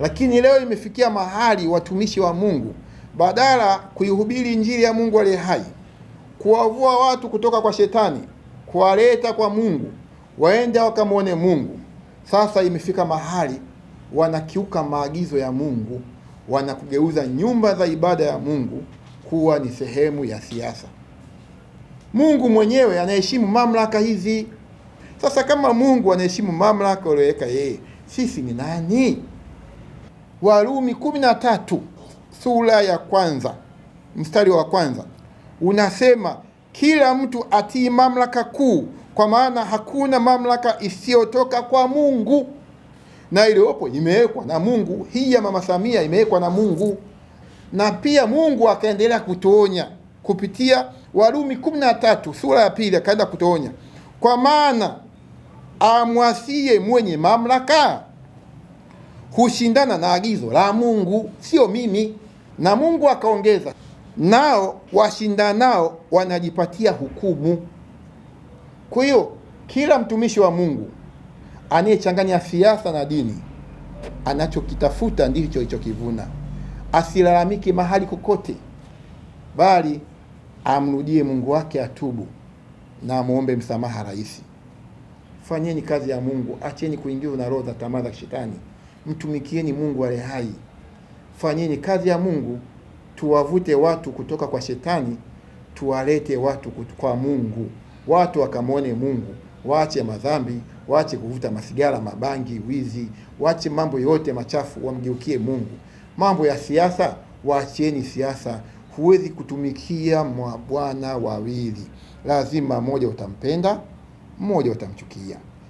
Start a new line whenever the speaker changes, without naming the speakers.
Lakini leo imefikia mahali watumishi wa Mungu badala kuihubiri injili ya Mungu aliye hai, kuwavua watu kutoka kwa shetani, kuwaleta kwa Mungu, waende wakamwone Mungu. Sasa imefika mahali wanakiuka maagizo ya Mungu, wanakugeuza nyumba za ibada ya Mungu kuwa ni sehemu ya siasa. Mungu mwenyewe anaheshimu mamlaka hizi. Sasa kama Mungu anaheshimu mamlaka aliyoweka yeye, sisi ni nani? Warumi kumi na tatu sura ya kwanza mstari wa kwanza unasema kila mtu atii mamlaka kuu, kwa maana hakuna mamlaka isiyotoka kwa Mungu, na iliyopo imewekwa na Mungu. Hii ya mama Samia imewekwa na Mungu, na pia Mungu akaendelea kutuonya kupitia Warumi kumi na tatu sura ya pili, akaenda kutuonya kwa maana amwasie mwenye mamlaka hushindana na agizo la Mungu, sio mimi. Na Mungu akaongeza, nao washindanao wanajipatia hukumu. Kwa hiyo kila mtumishi wa Mungu anayechanganya siasa na dini, anachokitafuta ndicho alichokivuna. Asilalamike mahali kokote, bali amrudie Mungu wake, atubu na amwombe msamaha rahisi. Fanyeni kazi ya Mungu, acheni kuingiwa na roho za tamaa za kishetani mtumikieni Mungu ale hai, fanyeni kazi ya Mungu, tuwavute watu kutoka kwa shetani, tuwalete watu kwa Mungu, watu wakamwone Mungu, waache madhambi, waache kuvuta masigara, mabangi, wizi, waache mambo yote machafu, wamgeukie Mungu. Mambo ya siasa, waachieni siasa. Huwezi kutumikia mwa bwana wawili, lazima mmoja utampenda, mmoja utamchukia.